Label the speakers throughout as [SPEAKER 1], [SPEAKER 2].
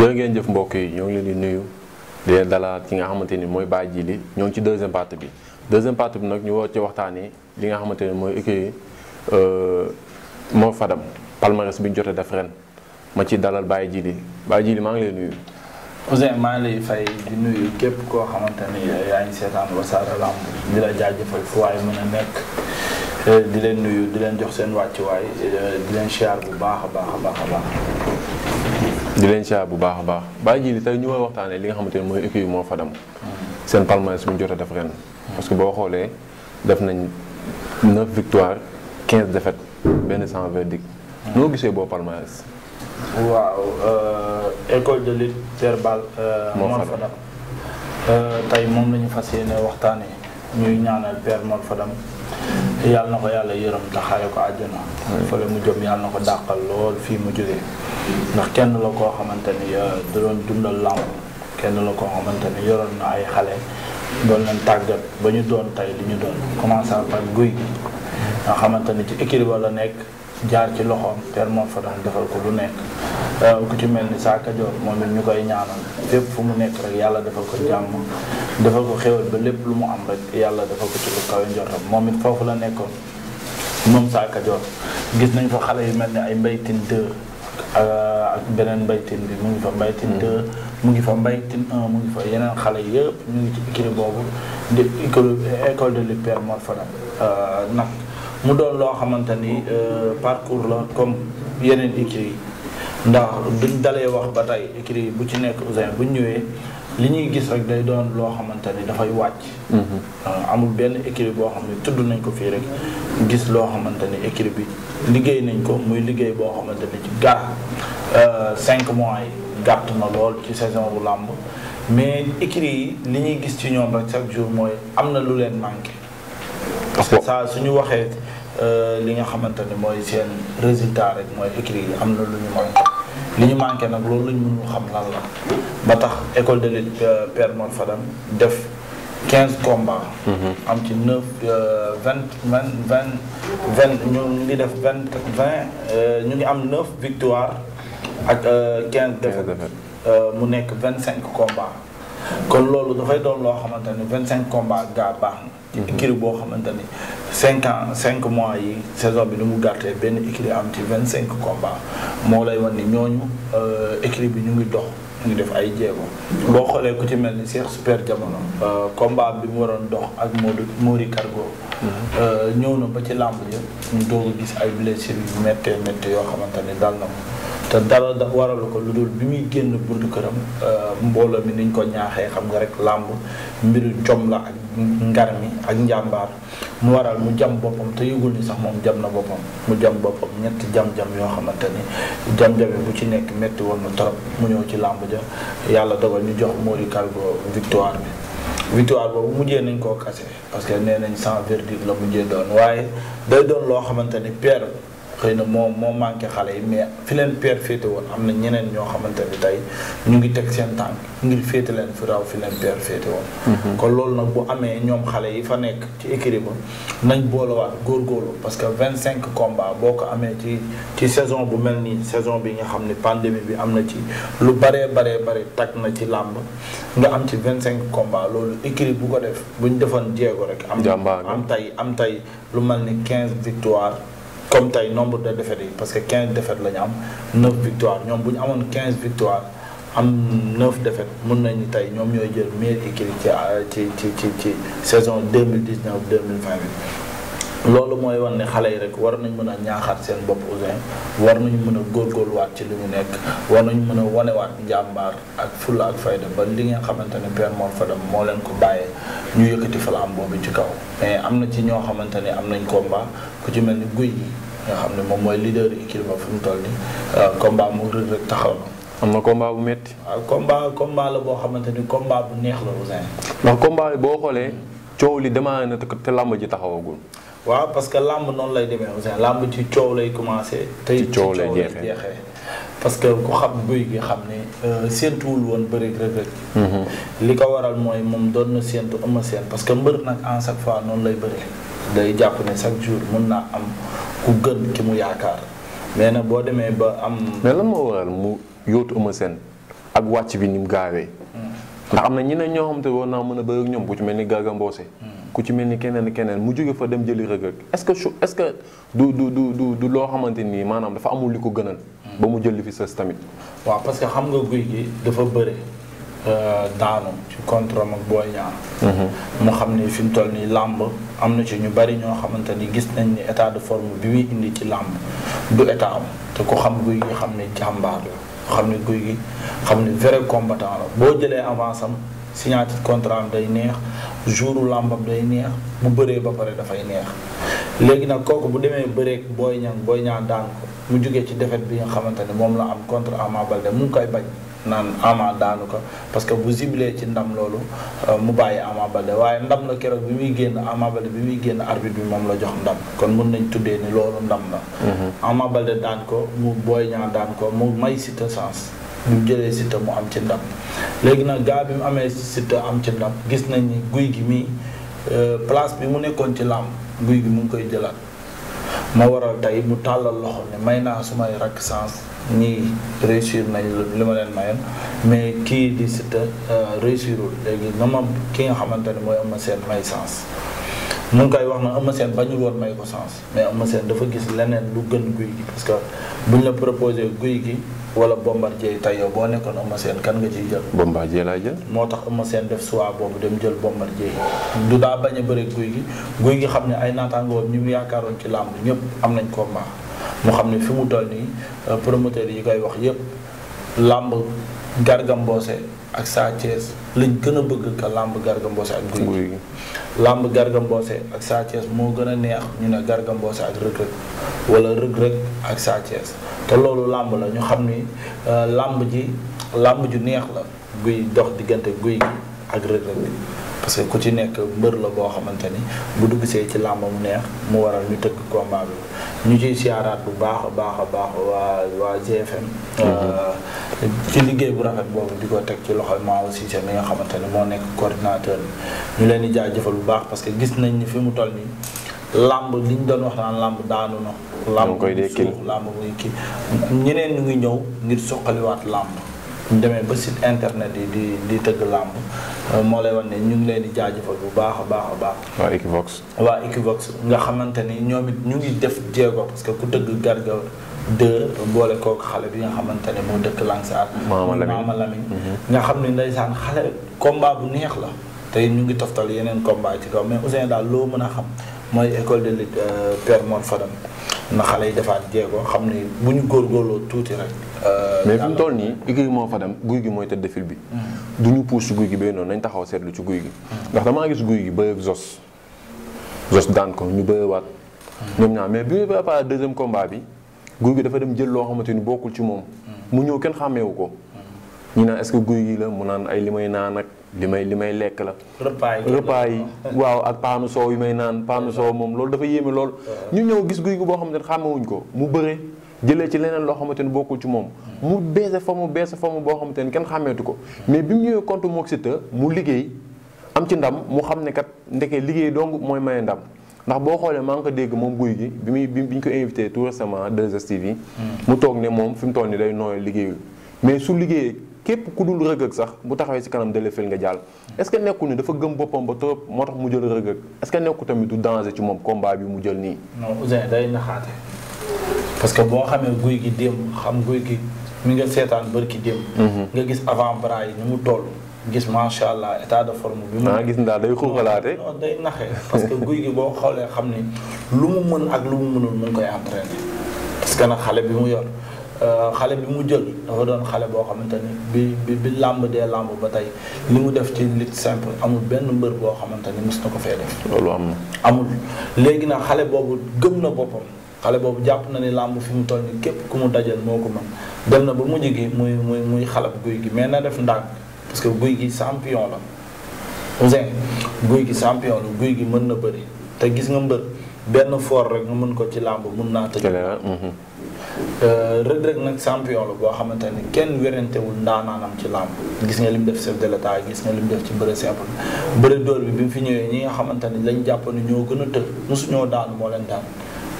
[SPEAKER 1] jërë ngeen jëf mbokk yi ñoo ngi leen di nuyu di leen ki nga xamante ni mooy Baye Djily ñoo ci deuxième partie bi deuxième partie bi nag ñu war ci waxtaanee li nga xamante ne mooy écurie euh, Mor Fadam palmarès bi ñu jotee def ren ma ci dalal Baye Djily Baye Djily maa
[SPEAKER 2] ngi leen nuyu. Ousseyn maa ngi fay di nuyu képp koo xamante ni yaa ngi di la jaajëfal fu euh, di leen nuyu di leen jox seen wàccuwaay euh, di leen siyaar bu baax a baax a baax a baax.
[SPEAKER 1] di leen siyaar bu baax a baax baa ji li tey ñu may waxtaanee li nga xamante ne mooy équipe moo fadam seen palmarès bu ñu jot a def boo xoolee def nañ 9 victoires 15 défaites benn sans verdict. noo gisee boo palmarès.
[SPEAKER 2] Euh, école de lutte verbale. Euh, moo fadam euh, tey moom la ñu fas yéene waxtaanee ñuy ñaanal père Mor Fadam yàlla na ko yàlla yërëm taxaare ko àjjana. fële mu jëm yàlla na ko dàqal lool fii mu jógee. ndax kenn la koo xamante ni euh, da doon dundal làmb kenn la koo xamante ni yoroon na ay xale doon leen tàggat ba ñu doon tey li ñu doon commencé par guy gi nga xamante ni ci équipe ba la nekk jaar ci loxoom te moom fa daan ko lu nekk euh, ku ci mel ni Sakka Dior moom it ñu koy ñaanal fépp fu mu nekk rek yàlla defal ko jàmm defal ko xéwal ba lépp lu mu am rek yàlla defal ko ci lu moom it foofu la nekkoon moom saa Dior gis nañ ko xale yu mel ni ay mbaytin 2 ak beneen mbaytin bi mu ngi fa mbaytin 2 mu ngi fa mbaytin 1 mu ngi fa yeneen xale yëpp mu ngi ci écurie boobu di école de lutte Père Mor Fadam nag mu doon loo xamante ni euh, parcours la comme yeneen écurie yi ndax duñ dalee wax ba tey yi bu ci nekk Ouzin bu ñëwee li ñuy gis rek day doon loo xamante ni dafay wàcc. Mhm. Euh, amul benn équipe boo xam ne tudd nañ ko fii rek gis loo xamante ni équipe bi liggéey nañ ko muy liggéey boo xamante ni ci gàtt euh, cinq mois yi gàtt na lool ci saison bu làmb mais équipe yi li ñuy gis ci ñoom rek chaque jour mooy am na lu leen manqué. parce que saa suñu waxee euh, li nga xamante ni mooy seen résultat rek mooy équipe yi am na lu ñu manqué. li ñu manqué nag loolu lañ mënul xam lan la ba tax école de lutte euh, Père Mor def quinze combats. Mhm. am ci neuf euh, vingt vingt vingt vingt ñu ngi def vingt vingt euh, ñu ngi am neuf victoire ak quinze défaites mu nekk vingt cinq combats kon loolu dafay doon loo xamante ne vingt cinq combats gaa baax écurie boo xamante ni cinq ans cinq mois yi saison bi ni mu gàrtee benn écurie am ci vingt cinq combats moo lay wan ni ñooñu euh, écurie bi ñu ngi dox ñu def ay jéego boo xoolee ku ci mel ni Cheikh Super Jamono euh, combat bi mu waroon dox ak moo Mori Cargo Euh, ñëw na ba ci làmb ja ñu doog a gis ay blessures yu méttee méttee yoo xamante ne dal na ko te dara da waral ko lu dul bi muy génn buntu këram euh, mbooloo mi niñ ko ñaaxee xam nga rek làmb mbiru jom la ak ngar mi ak njàmbaar mu waral mu jam boppam te yëgul ni sax moom jam na boppam mu jam boppam ñetti jam-jam yoo xamante ni jam-jam bu ci nekk métti woon na trop mu ñëw ci làmb ja yàlla dogal ñu jox Mody Cargo victoire bi victoire boobu mujjee nañ koo kase parce que nee nañ sans verdict la mujjee doon waaye day doon loo xamante ni Pierre xëy na moom moo manqué xale yi mais fi leen peer féete woon am na ñeneen ñoo xamante ni tey ñu ngi teg seen tànk ngir féete leen fi raw fi leen peer féete woon mm-hmm. kon loolu nag bu amee ñoom xale yi fa nekk ci écurie ba nañ boolawaat góorgóorlu parce que vingt cinq combat boo ko amee ci ci saison bu mel nii saison bi nga xam ne pandémie bi am na ci lu baree baree bare tag na ci làmb nga am ci vingt cinq combat loolu écurie bu ko def bu ñu defoon jéego rek am am tey am tey lu mel ni quinze victoire comme tey nombre de défaites yi parce que 15 défaites lañu ñu am 9 victoires ñoom bu ñu amoon 15 victoires am 9 défaites mun nañu tey ñoom ñooy jël meilleure équipe ci ci ci ci saison 2019 2020 bi. loolu mooy wan ne xale yi rek war nañ mën a ñaaxaat seen bopp Ouzin war nañu mën a góorgóorluwaat ci li ñu nekk war nañu mën a wanewaat njàmbaar ak fulla ak fayda ba li nga xamante ne Père Mor Fadam moo leen ko bàyyee ñu yëkkati falaam boobu ci kaw am na ci ñoo xamante ne am nañ combat. ku mel ni guy gi nga xam ne moom mooy leader équipe ba fi mu toll nii combat mu rëdd rek taxaw na. am na combat bu métti. waaw combat combat la boo xamante ni combat bu neex la Ouzin. ndax combat boo xoolee
[SPEAKER 1] coow li demaa na te làmb ji taxawagul.
[SPEAKER 2] waaw parce que làmb noonu lay demee Ouzin làmb ci coow lay commencé. tey ci coow lay jeexee parce que ku xam guy gi xam ne euh, séentuwul woon bëri Reug Reug. Mhm. li ko waral mooy moom doon na séentu am na séentu parce que mbër nag en chaque fois noonu lay bëree. day jàpp ne chaque jour mun naa am ku gën ki mu yaakaar mais nag boo demee ba am. mais lan moo waral mu yóotu Eumeu Sène
[SPEAKER 1] ak wàcc bi ni mu gaawee. Hmm. ndax am na ñeneen ñoo xam te war naa mën a bëri ñoom ku ci mel ni Garga Mbossé. Hmm. ku ci mel ni keneen keneen mu jóge fa dem jëli Reug Reug est-ce que est-ce que du du du du loo xamante ni maanaam dafa amul li ko gënal. ba mu jël li fi sës tamit.
[SPEAKER 2] waaw parce que xam nga guy gi dafa bëre. Euh, daanu ci contre am ak Boy Niang
[SPEAKER 3] mhm.
[SPEAKER 1] mu
[SPEAKER 2] xam ni fi mu toll nii làmb am na ci ñu bari ñoo xamante ni gis nañ ni état de forme bi muy indi ci làmb du état am te ku xam guy gi xam ni jàmbaar la xam ni guy gi xam ni vrai combattant la boo jëlee avance am signature contrat am day neex u làmbam day neex bu bëree ba pare dafay neex léegi nag kooku bu demee bëreek Boy Niang Boy Niang daan ko mu jógee ci défaite bi nga xamante ne moom la am contre Ama Baldé mu ngi koy bañ naan Ama daanu ko parce que bu zibilee ci ndam loolu euh, mu bàyyi Ama Baldé waaye ndam la keroog bi muy génn Ama Baldé bi muy génn arbitre bi moom la jox ndam kon mun nañ tuddee ni loolu ndam la. Mhm. Ama Baldé daan ko mu Boy Niang daan ko mu may Siteu sens. bi mu jëlee Siteu mu am ci ndam léegi nag gaa bi mu amee Siteu am ci ndam gis nañ ni guy gi mii euh, place bi mu nekkoon ci làmb guy gi mu ngi koy jëlal moo waral tey mu tàllal loxo ne may naa sumay rakk sens nii réussir nañ li ma leen mayoon mais kii di Siteu euh, réussirul léegi na ma ki nga xamante ne mooy am na seen may sens mu ngi wax na Eumeu seen bañul woon may ko sens mais Eumeu seen dafa gis leneen lu gën guy gi parce que bu ñu la proposé guy gi wala Bombardier tey yow boo nekkoon Eumeu Sène kan nga ciy jël. Bombardier laa jël. moo tax Eumeu Sène def choix boobu dem jël Bombardier du daa bañ a bëri guy gi guy gi xam ne ay naataangoom ñu yaakaaroon ci làmb ñëpp am nañ koo combat mu xam ne fi mu toll nii euh, promoteurs yi kay wax yëpp làmb gargamboose ak Sa Thiès lañ gën a bëgg ka làmb Garga ak Gouye Gui làmb Garga ak Sa moo gën a neex ñu ne Garga Mbossé ak Reug Reug wala Reug Reug ak Sa te loolu làmb la ñu xam ni euh, làmb ji làmb ju neex la guy dox diggante guy Gui ak Reug Reug parce que ku ci nekk mbër la boo xamante ni bu dugg see ci làmb mu neex mu waral ñu tëgg combat bi ñu ciy siyaaraat bu baax a baax a baax waa waa GFM. Mm-hmm. Euh, ci liggéey bu rafet boobu di ko teg ci loxo maa aussi seen li nga xamante ni moo nekk coordinateur bi ñu leen di jaajëfal bu baax parce que gis nañ ni fi mu toll nii. làmb li ñu doon wax naan làmb daanu na. làmb koy dekkil làmb muy kii ñeneen ñu ngi ñëw ngir soqaliwaat làmb. ñu demee ba site internet yi di di tëgg làmb euh, moo lay wan ne ñu ngi leen di jaajëfal bu baax a baax a baax.
[SPEAKER 1] waa Equivox.
[SPEAKER 2] waa Equivox nga xamante ni ñoom it ñu ngi def jéego parce que ku dëgg Garga de boole kooku xale bi nga xamante ne moo dëkk Langsar. Maama Lamine Maama Lamine mhm. nga xam ne ndeysaan xale combat bu neex la. te ñu ngi toftal yeneen combat ci kaw mais Ousseynou daal loo mën a xam mooy école de lutte euh, Père Mor Fadam na xale yi defaat jéego xam ne bu ñu góorgóorloo tuuti rek. Euh, mais fi mu toll nii écurie moo fa dem guy
[SPEAKER 1] gi mooy tëdd fil bi. Hmm. du ñu pousse ci guy gi ba noonu nañ taxaw seetlu ci guy gi. ndax damaa gis guy gi bëre ak Zos. Zos daan ko ñu bërewaat. Hmm. ñoom ñaar mais bi ñu préparé bi guy gi dafa dem jël loo xamante ni bokkul ci moom. Hmm. mu ñëw kenn xàmmeewu ko. ñu naan est-ce que guy gi la mu naan ay li may naan ak li may li may lekk la. repas yi waaw ak paanu soow yi may naan paanu soow moom loolu dafa yéeme lool. ñu ñëw gis guy gi boo xamante ne xàmmewuñ ko mu bëre. jëlee ci leneen loo xamante ni bokkul ci moom mu beese mu beese forme boo xamante ni kenn xàmmeetu ko mais bi mu ñëwee contre mook Siteu mu liggéey am ci ndam mu xam ne kat ndekee liggéey dong mooy maye ndam ndax boo xoolee maa ko dégg moom guy gi bi mu bi ñu ko invité tout récemment 2STV mu toog ne moom fi mu toll ni day nooy liggéeyul mais su liggéeyee képp ku dul rëgg sax bu taxawee ci kanam dale fil nga jàll est-ce que nekku ni dafa gëm boppam ba trop moo tax mu jël rëgg-rëgg est-ce que nekku tamit moom combat bi mu jël nii non Ouzin day naxaate
[SPEAKER 2] parce que boo xamee guy gi démb xam guy gi mi nga seetaan bërki démb. Mhm. nga gis avant bras yi ni mu toll. gis macha allah état de forme bi. mu ah, gis ndax day xuuxalaate. non day naxee parce que guy gi boo xoolee xam ni lu mu mën ak lu mu mënul mu koy entraîné. parce que nag xale bi mu yor euh, xale bi mu jël dafa doon xale boo xamante ni bi bi bi làmb dee làmb ba tey li mu def ci lutte simple amul benn mbër boo xamante ni mës na ko fee def. loolu am na amul léegi nag xale boobu gëm na boppam. xale boobu jàpp na ni làmb fi mu toll ni képp ku mu dajal moo ko mën dem na ba mujj gi muy muy muy xalab guy gi mais na def ndànk parce que guy gi champion la guy gi champion la guy gi mën na bëri te gis nga mbër benn for rek nga mën ko ci làmb mën naa tëj ah, mhm. euh, Reug Reug nag champion la xamante ni kenn werantewul ndaanaanam ci làmb gis nga lim def chef de l'état gis nga lim def ci bëre simple bëre dóor bi bi mu fi ñëwee ñi nga xamante ni lañ jàpp ñoo gën a tëj mosu ñoo daan moo leen daan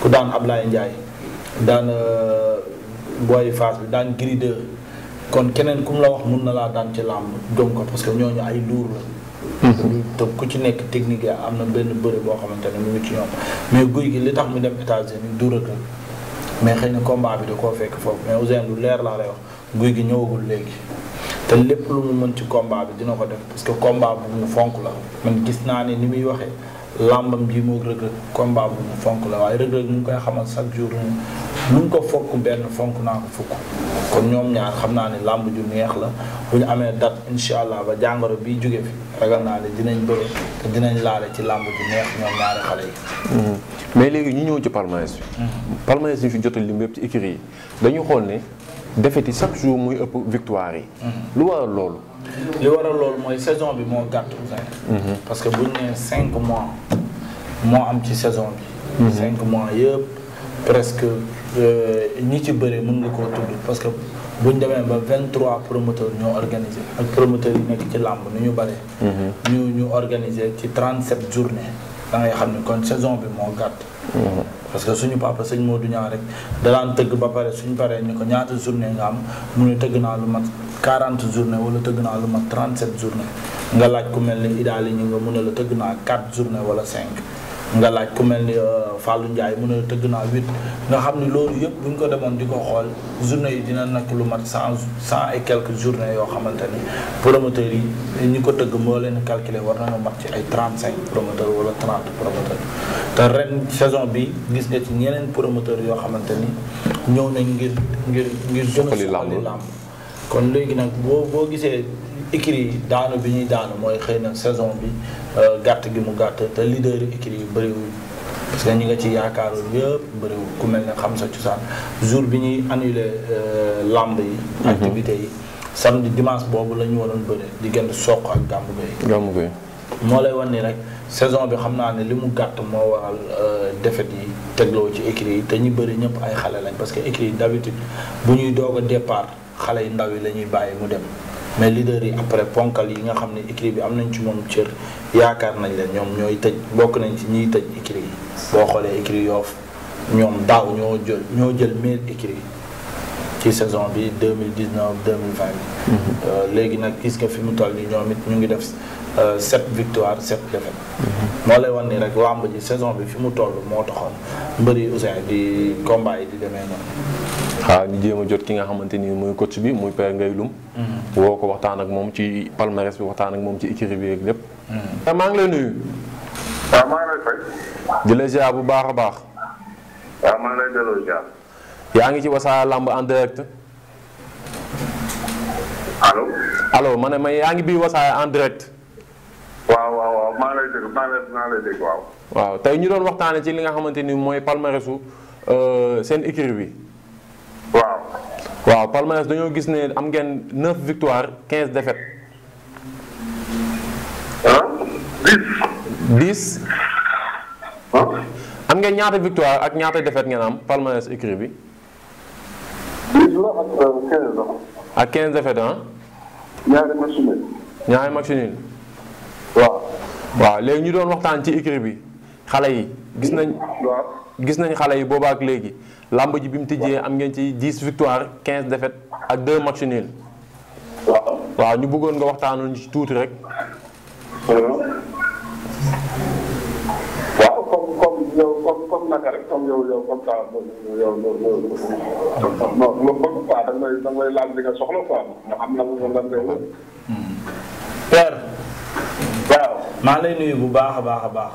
[SPEAKER 2] ku daan ab Ablaye Ndiaye daan euh, booy Fass bi daan Gris kon keneen ku mu la wax mun na laa daan ci làmb gëm ko parce que ñooñu ay luur la. Mhm. te ku ci nekk technique yi am na benn bëre boo xamante ne mu ngi ci ñoom mais guy gi li tax mu dem États-Unis duurak la mais xëy na combat bi da koo fekk foofu mais Ousseyn lu leer laa lay wax guy gi ñëwagul léegi. te lépp lu mu mën ci combat bi dina ko def parce que combat bu mu fonk la man gis naa ne ni muy waxee. làmbam ji moo rëg-rëg combat bu mu fonk la waaye rëg-rëg mu ngi koy xamal chaque jour mu ko fokk benn fonk naa ko fukk kon ñoom ñaar xam naa ne làmb ju neex la bu ñu amee date incha allah ba jàngoro bi jóge fi ragal naa ne dinañ bëre te dinañ laale ci làmb ju neex ñoom ñaari xale yi
[SPEAKER 1] mm-hmm. mais léegi ñu ñëw ci palmarès bi mm-hmm. palmarès fi jot a yëpp ci écurie yi dañu xool ne défaites yi chaque jour muy ëpp victoire yi. Mhm. lu
[SPEAKER 2] waral loolu. li war a loolu mooy saison bi moo gàtt. Mhm. parce que bu ñu nee cinq mois moo am ci saison bi. Mhm. cinq mois yëpp presque euh, ñi ci bëri mën nga koo tudd parce que bu ñu demee ba vingt trois promoteurs ñoo organisé ak promoteur yi nekk ci làmb nu ñu bare. ñu ñu organisé ci trente sept journées da ngay xam ne kon saison bi moo gàtt. parce que suñu papa sëñ Modou Niang rek danaan tëgg ba pare suñ paree ñu ko ñaata journée nga am mu ne tëgg naa lu mat 40 journée wala tëgg naa lu mat 37 journée nga laaj ku mel ni idaali ñu nga mu ne la tëgg naa 4 journée wala 5 nga laaj ku mel ni euh, Fallou Ndiaye mu ne tëgg naa huit nga xam ne loolu yëpp bu ñu ko demoon di ko xool journée yi dina nakk lu mat cent cent et quelques journées yoo xamante ni promoteurs yi ñi ko tëgg moo leen calculer war nañoo mat ci ay trent cinq promoteurs wala trente promoteurs te ren saison bi gis nga ci ñeneen promoteurs yoo xamante ni ñëw nañ ngir ngir ngir gën a suqali kon léegi nag boo boo gisee écurie yi daanu bi ñuy daanu mooy xëy na saison bi euh, gàtt gi mu gàtt te leader écurie yu bëriwul parce que ñi nga ci yaakaaroon yëpp bariwul ku mel ne xam sa cosaan jour bi ñuy annulé euh, lamb yi. Mhm. activité yi samedi dimanche boobu la ñu waroon bëri di gën soq ak gàmmu gay. gàmmu gay moo lay wan ni rek saison bi xam naa ne li mu gàtt moo waral euh, defet yi tegloo ci écurie yi te ñu bëri ñëpp ay xale lañ parce que écurie yi d'habitude bu ñuy doog a départ xale yu ndaw yi la ñuy bàyyi mu dem. mais leader yi après ponkal yi nga xam ne écurie bi am nañ ci moom cër yaakaar nañ leen ñoom ñooy tëj bokk nañ ci ñiy tëj écurie yi boo xoolee écurie yoo ñoom daaw ñoo jël ñoo jël meilleure écurie ci saison bi 2019 2020 mhm. euh, léegi nag gis nga fi mu toll nii ñoom it ñu ngi def euh, sept victoire sept défaite mhm. moo lay wan ni rek làmb ji saison bi fi mu toll moo taxoon bëri Ousseyn di combat yi di demee noonu
[SPEAKER 1] waaw ñu jéem a jot ki nga xamante ni muy coach bi muy Père Ngay Loum mm-hmm. woo ko waxtaan ak moom ci palmarès bi waxtaan ak moom ci écurie bi ak lépp. maa ngi lay nuyu. waaw di la bu baax a baax.
[SPEAKER 4] waaw maa
[SPEAKER 1] yaa ngi ci Wassare làmb en direct. allo. alo ma ne ma yaa ngi biir Wassare en direct.
[SPEAKER 4] waaw waaw waaw maa ngi
[SPEAKER 1] lay tey ñu doon waxtaanee ci li nga xamante ni mooy palmarèsu euh, seen écurie bi. waaw palmarès dañoo gis ne am ngeen 9 victoires quinze défaites. ah 10. 10. am ngeen ñaata victoire ak ñaata défaite ngeen am palmarès écrit bi.
[SPEAKER 4] ak 15 la.
[SPEAKER 1] ak 15 euh, défaites ah. ñaari waaw. waaw léegi ñu doon waxtaan ci écrit bi. xale yi gis nañ gis nañ xale yi boobaak léegi làmb ji bi mu tijjee am ngeen ci 10 victoire 15 défaites ak 2 match nul waaw ñu bëggoon nga waxtaanoon ci tuuti rek
[SPEAKER 4] yow comme comme naka rek comme yow soxla quoi nga xam lan lan ngay waaw
[SPEAKER 2] maa ngi lay nuyu bu baax a baax a baax.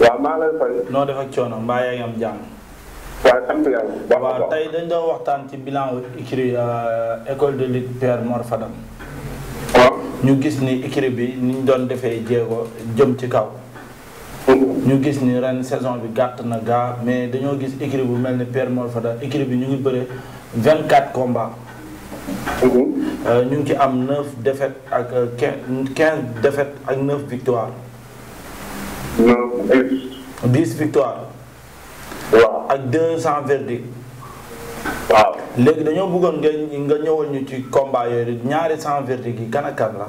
[SPEAKER 2] waaw maa lay fay. noo def ak coono mbaa yaa ngi am jàmm. waaw tey dañ doon waxtaan ci bilan écurie euh, école de lutte Père Mor Fadam. ñu gis ni écurie bi ni doon defee jéego jëm ci kaw. Mm-hmm. ñu gis ni ren saison bi gàtt na gaa mais dañoo gis écurie bu mel ni Père Mor Fadam écurie bi ñu ngi bëre 24 combats. Mm-hmm. Euh, ñu ngi ci am 9 défaites ak 15 euh, 15 ak 9 victoires. non 10. 10 victoire. waaw ak 200 verdict. waaw léegi dañoo bëggoon nga nga ñëwal ñu ci combat yooyu ñaari 100 verdict yi kan ak kan la.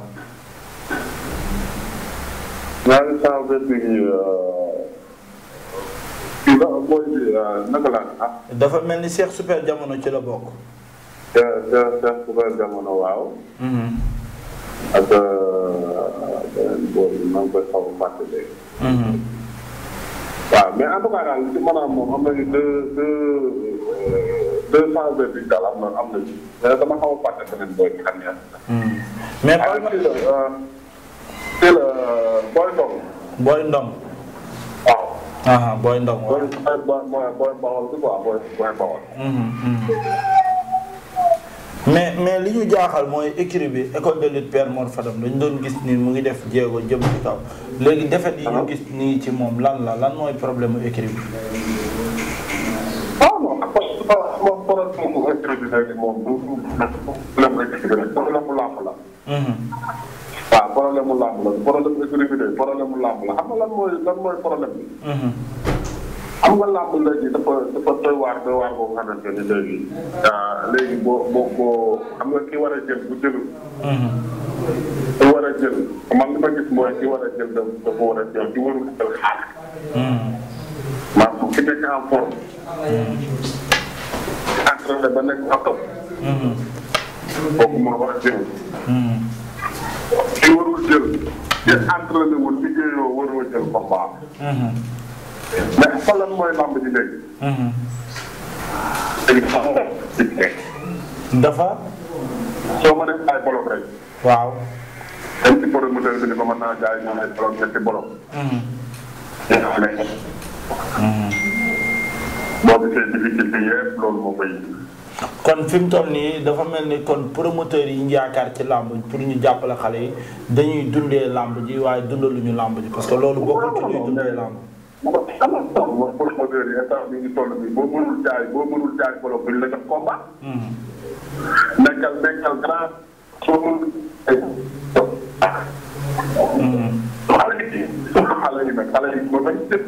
[SPEAKER 2] ñaari 100 verdict yi. Euh, euh, naka la ah. dafa mel ni Cheikh Super Jamono ci la bokk. Cheikh Cheikh Super Jamono waaw. Mhm.
[SPEAKER 4] ak. Euh, beneen boor bi maa ngi koy xaw a fàtte léegi. waaw mais en tout cas daal ci maanaam moom am nañu deux deux euh, deux cent vingt huit daal am na am na ci. mais dama xaw a fàtte beneen boor bi xam ngeen. Hmm. mais booy ma kii la booy ndong.
[SPEAKER 2] booy ndong. waaw. ah booy ndong waaw. booy booy booy bawol bi quoi booy booy bawol. Hmm, hmm. mais mais li ñu jaaxal mooy écrit bi école de lutte Père Mor Fadam dañ doon gis ni mu ngi def jéego jëm ci kaw léegi defet yi ñu gis nii ci moom lan la lan mooy problème mu écrit bi.
[SPEAKER 4] waaw ah, non problème mu écrit bi léegi moom du problème mu écrit bi rek problème mu la. Mhm. waaw problème mu làmb la problème mu écrit problème mu làmb la xam nga xam nga làmb léegi dafa dafa doy waar doy waar boo xamante ne léegi ah, léegi boo boo boo xam nga ki war a jël bu jëlul. Mm-hmm. ki war a jël man li ma gis mooy ki war a jël dafa war a jël ki warul jël xaar. Mm-hmm. maanaam ki nekk en forme. Mm-hmm.
[SPEAKER 3] entraîné ba nekk atom. kooku moo war a jël. ki warul jël.
[SPEAKER 4] ki entraîné wul liggéeyoo waroo jël combat. mais fan lan mooy lamb ji léegi.
[SPEAKER 3] Mhm.
[SPEAKER 2] dafa.
[SPEAKER 4] soo mënee ay bolok rek. waaw. dem bi ni naa jaay ay bolok ñetti bolok.
[SPEAKER 2] Mhm. Mhm. boo gisee difficulté yëpp loolu kon fi mu toll nii dafa mel ni kon promoteur yi ñu yaakaar ci làmb pour ñu jàppale xale yi dañuy dundee làmb ji waaye dundaluñu làmb ji parce que loolu bokkul ci ñuy dundee làmb.
[SPEAKER 4] kon sama tool moom promoteur yi instant bii ñu toll nii boo mënul jaay boo mënul jaay bolo buñ la jox combat. nekkal nekkal grand soo xale yi surtout xale yi nag xale yi moom lañ jëm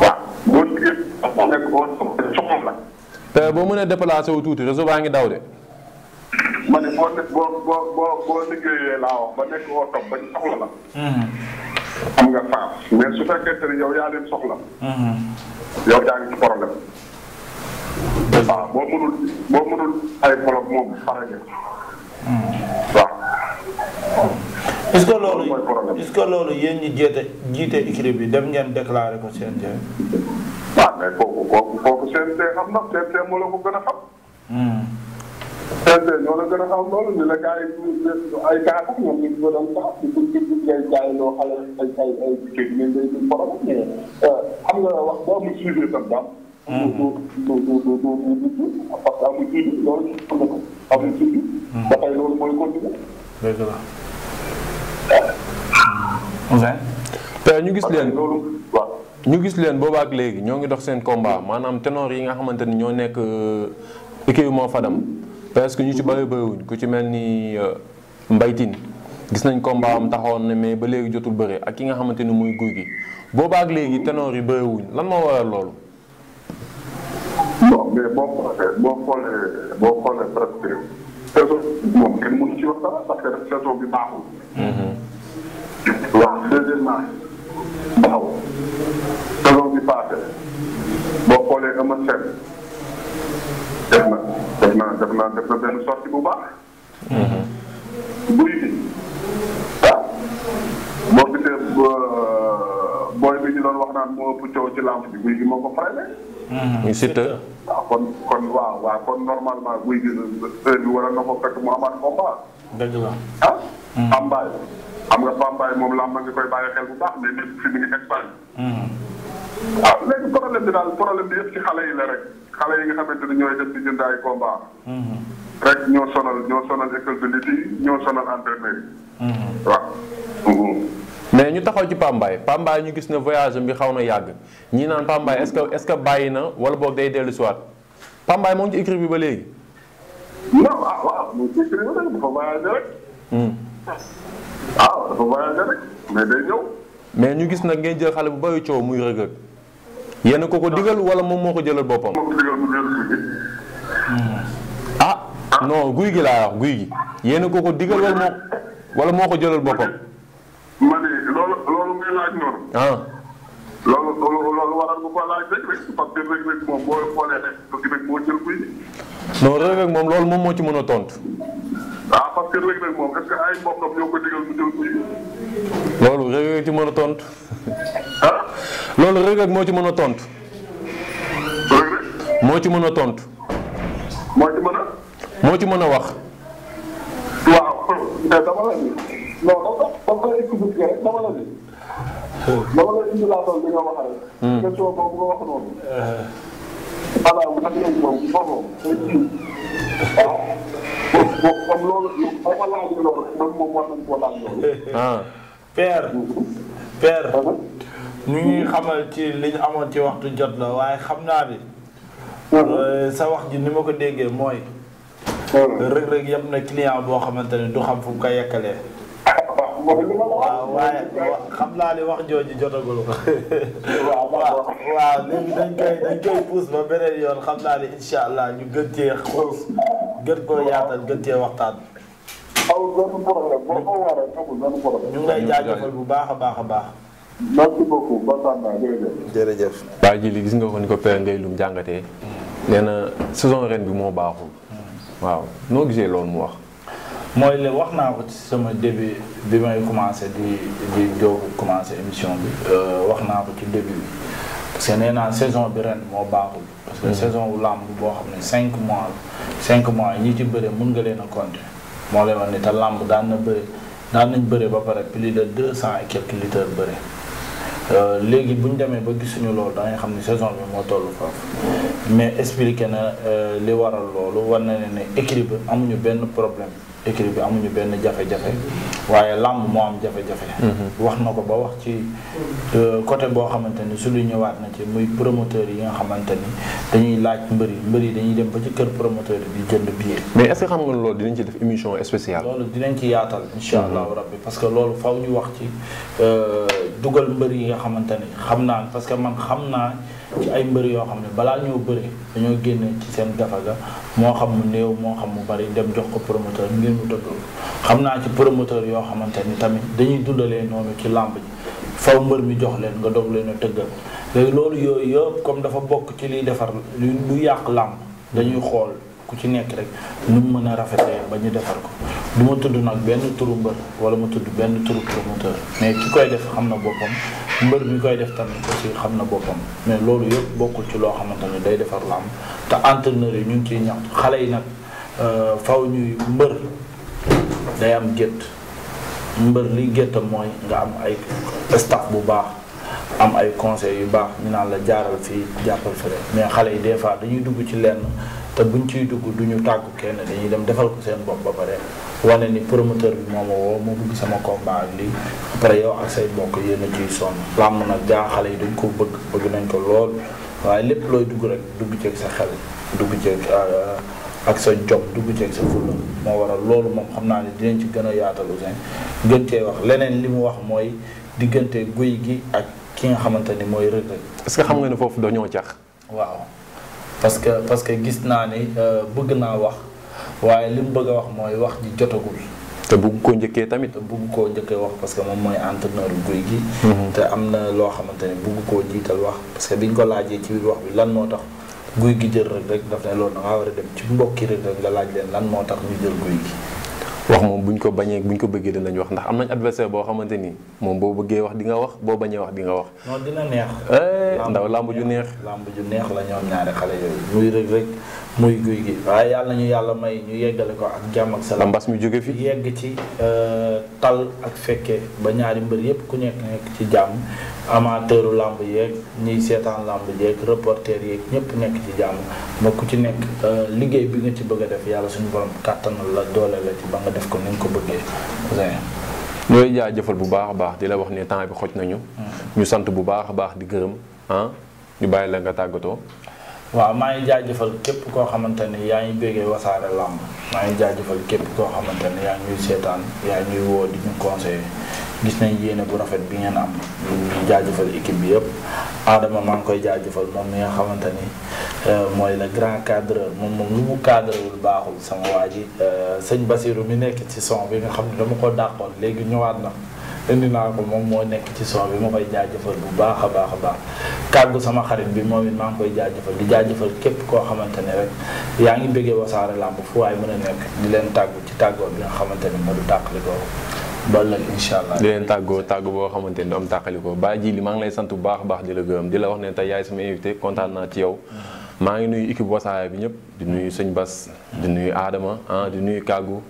[SPEAKER 4] waaw. boo liggéey dafa nekk boo
[SPEAKER 1] la. boo mënee déplacé wu tuuti réseau baa ngi daw de.
[SPEAKER 4] ma ne boo boo boo boo liggéeyee laa wax ba nekk woo topp ba ñu soxla la. Mhm. am nga faam mais su fekkente ne yow yaa leen soxla. Mhm. yow yaa ngi ci problème. Ah, boo mënul boo mënul ay problème moom pare nga.
[SPEAKER 3] Mhm.
[SPEAKER 2] waaw. est-ce que loolu est-ce que loolu yéen ñi jiite jiite bi dem ngeen déclaré ko CNG. waaw ah, mais kooku kooku kooku CNG xam na CNG moo la ko gën a xam. Mhm. RTS euh,
[SPEAKER 4] nga wax
[SPEAKER 1] te ñu gis leen loolu waaw. ñu gis leen boobaa ak léegi ñoo ngi dox seen combat hmm. maanaam ténor yi nga xamante ni ñoo nekk euh, équipe Fadam. parce que ñu ci bëri bëriwuñ ku ci mel ni euh, mbaytin gis nañ combat am taxawoon na mais ba léegi jotul bëre ak ki nga xamante ni muy guy gi boobaa ak léegi ténor yi bëriwuñ lan moo waral loolu. bon mais boo xoolee boo xoolee
[SPEAKER 4] boo xoolee presque saison moom kenn mënu ci wax dara parce que saison bi baaxul.
[SPEAKER 3] Mm-hmm.
[SPEAKER 4] waaw deuxièmement baaxul saison bi passé boo xoolee am na seen def na. def na def na def na benn sortie bu baax. buy mhm. bi waaw boo gisee booy bi ñu doon wax naan moo ëpp coow ci lamb bi guy gi moo ko freiné.
[SPEAKER 3] ñu
[SPEAKER 1] Siteu.
[SPEAKER 4] waaw kon kon waaw waaw kon normalement guy gi heure bi waroon na ko fekk mu amaat combat. dëgg la ah. Mhm. Pambaay xam nga koy bàyyi xel bu baax mais nit fi mu ngi Espagne. waaw mhm. ah, léegi problème bi daal problème bi yëpp ci xale yi la rek. xale yi nga xamante ni ñooy dem di jënd ay combat. Mhm. rek ñoo sonal ñoo sonal école de lutte ñoo sonal entraîneur yi. Mhm.
[SPEAKER 1] Mhm. mais ñu taxaw ci Pambaay Pambaay ñu gis ne voyage bi xaw na yàgg ñii naan Pambaay est-ce que bàyyi na wala day dellu si waat Pambaay bi ba léegi.
[SPEAKER 4] non ah,
[SPEAKER 1] ah, mais ñu gis nag ngeen jël xale bu bëri coow muy rëgg. yéen ko ko digal wala moom moo ko jëlal boppam. ah non guy gi laa guy gi yéen ko ko digal wala moo ko jëlal boppam.
[SPEAKER 4] ma ne loolu loolu moom
[SPEAKER 1] loolu moom moo ci mën a tontu. ah loolu Reug Reug mën a tontu. loolu moo ci mën a tontu. moo ci mën a tontu. moo ci mën a. wax.
[SPEAKER 4] waaw kon loolu
[SPEAKER 2] ba ko laajee loolu man
[SPEAKER 4] moom
[SPEAKER 2] ñu ngi xamal ci li ñu amoon ci waxtu jot la waaye xam naa ni. Euh, sa wax ji ni ma ko déggee mooy. Ah. rëg-rëg yam na client boo xamante ne du xam fu ko yekkalee. waaw waaye xam naa ne wax jooju jotagul waaw waaw léegi dañ koy dañ ba beneen yoon xam naa ne incha allah ñu gën cee xuus gën koo yaatal gën cee waxtaan. amul ñu ngi lay jaajëfal bu baax a baax a baax. merci beaucoup jërëjëf. jërëjëf.
[SPEAKER 1] ji li gis nga ko ni ko Père Ngay Loum jàngatee. nee saison ren bi moo baaxul. waaw noo gisee loolu mu wax.
[SPEAKER 2] mooy wax naa ko ci sama début bi may commencé di di doo commencé émission bi euh, wax naa ko ci début bi parce que naa saison bi ren moo baaxul parce mm. saison bu làmb boo xam ne cinq mois la cinq mois ñi ci bëre mun nga leen a compter moo lay wax ne te làmb daan na bëre daan nañ bëre ba pare plus de deux cent et quelques litres bëre euh, léegi bu demee ba gisuñu loolu da ngay xam ne saison bi moo tollu foofu mais expliqué na euh, li waral loolu war na ne ne équilibre amuñu benn problème équipe bi amuñu benn jafe-jafe waaye làmb moo am jafe-jafe mm-hmm. wax na ko ba wax ci euh, côté boo xamante ni su lu ñëwaat na ci muy promoteur yi nga xamante ni dañuy laaj mbër yi mbër yi dañuy dem ba ci kër promoteur bi di jënd billet mais est-ce que xam nga loolu dinañ ci def émission spéciale loolu dinañ ci yaatal insha allahu mm-hmm. rabbi parce que loolu faw ñu wax ci euh, dugal mbëri yi nga xamante ni xam naa parce que man xam naa ci ay mbër yoo xam ne balaa ñoo bëri dañoo génne ci seen gafaga moo xam mu néew moo xam mu bari dem jox ko promoteur ngir mu tëddul xam naa ci promoteur yoo xamante ni tamit dañuy dundalee noonu ci làmb ji faw mbër mi jox leen nga dog leen a tëggal léegi loolu yooyu yëpp comme dafa bokk ci liy defar lu lu yàq làmb dañuy xool ku ci nekk rek nu mën a rafetee ba ñu defar ko du ma tudd nag benn turu mbër wala ma tudd benn turu promoteur mais ki koy def xam na boppam mbër mi koy def tamit aussi xam na boppam mais loolu yëpp bokkul ci loo xamante ne day defar am te entraîneur yi ñu ngi ciy ñax xale yi nag euh, faw ñuy mbër day am gétt mbër li géttam mooy nga am ay staff bu baax am ay conseil yu baax ñu naan la jaaral fii jàppal fële mais xale yi des fois dañuy dugg ci lenn te buñ ciy dugg du ñu tàggu kenn dañuy dem defal ko seen bopp ba pare wane ni promoteur bi moo ma woo sama combat ak lii après ak say mbokk yéen a ciy sonn. làmm nag jaaxale yi dañ ko bëgg bëgg nañ ko lool waaye lépp looy dugg rek dugg ceeg sa xel dugg ceeg euh, ak sa jom dugg ceeg sa fulla moo waral loolu moom xam naa ne dinañ ci gën a yaatalu Ouzin gën cee wax leneen li mu wax mooy diggante guy gi ak ki nga xamante ni mooy Reug Reug. est que xam nga ne foofu dañoo cax. waaw. parce que parce que gis naa ni euh, bëgg naa wax waaye li mu bëgg a wax mooy wax ji jotagul. te bugg koo njëkkee tamit. te bugg koo njëkkee wax parce que moom mooy entraîneur guy gi. Mm-hmm. te am na loo xamante ne bugg koo jiital wax parce que biñ ko laajee ci biir wax bi lan moo tax guy gi jël rek rek daf ne loolu da war a dem ci mbokki rek rek nga laaj leen lan moo tax ñu jël guy gi.
[SPEAKER 1] wax moom bu ñu ko bañee bu ñu ko bëggee dinañ wax ndax am nañ adversaire boo xamante ni moom boo bëggee wax di nga wax
[SPEAKER 2] boo bañee wax di nga wax. non dina neex. Eh, ndaw làmb ju neex làmb ju neex la ñoom ñaari xale yooyu. muy rëg rëg muy guy gi waaye yàlla ñu yàlla may ñu yeggale ko jàmm ak salaam. mbas mi jóge fi yegg ci euh, tal ak fekke ba ñaari mbër yépp ku nekk nekk ci jàmm amateuru làmb yeeg ñiy seetaan làmb yeeg reporter yeeg ñëpp nekk ci jàmm ba ku ci nekk euh, liggéey bi nga ci bëgg a def yàlla suñu borom kàttanal la doole la ci ba nga def def comme ni nga ko bëggee.
[SPEAKER 1] ñooy jaajëfal bu baax a baax di la wax ne temps bi xoj nañu. Hmm. ñu sant bu baax a baax di gërëm ah ñu bàyyi la nga tàggatoo.
[SPEAKER 2] waaw maa ngi jaajëfal képp koo xamante ne yaa ngi béggee wasaare làmb maa ngi jaajëfal képp koo xamante ne yaa ngi ñuy seetaan yaa ngi ñuy woo di ñu conseillé gis nañ yéene bu rafet bi ngeen am ñu ngi jaajëfal équipe bi yëpp aadama maa ngi koy jaajëfal moom mi nga xamante ni euh, mooy le grand cadreur moom moom lu mu cadrewul baaxul sama waa ji euh, sëñ Basiru mi nekk ci son bi nga xam ne dama ko dàqoon léegi ñëwaat na indi naa ko moom moo nekk ci son bi ma koy jaajëfal bu baax a baax a baax kàggu sama xarit bi moom it maa ngi koy jaajëfal di jaajëfal képp koo xamante ne rek yaa ngi bëggee wasaare làmb fu waay mën a nekk leen tàggu ci tàggoo bi nga xamante ni ma du tàqali ko loolu la incha allah leen
[SPEAKER 1] tàggoo tàgg boo xamante ni du am tàqaliko Baye Djily maa ngi lay sant bu baax a baax di la gërëm di la wax ne tey yaay sama kontaan naa ci yow. maa ngi nuyu équipe Wassare bi ñëpp di nuyu sëñ Bas di nuyu Adama ah, di nuyu kàggu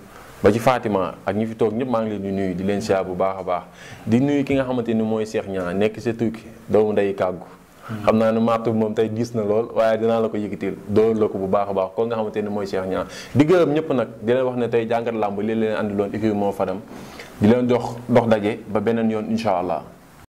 [SPEAKER 1] ba ci Fatima ak ñi fi toog ñëpp maa ngi leen di nuyu di leen siyaar bu baax a baax nuyu ki nga xamante ni mooy Cheikh Niang nekk sa tukki doomu ndey kàggu xam naa ne matt bi moom tey gis na lool waaye dinaa la ko yëkkatil doolu la ko bu baax a baax kon nga xamante ni mooy Cheikh ñaar di gërëm ñëpp nag di leen wax ne tey jàngat làmb li leen andi loon équipe moo fadam di leen jox dox daje ba beneen yoon incha allah.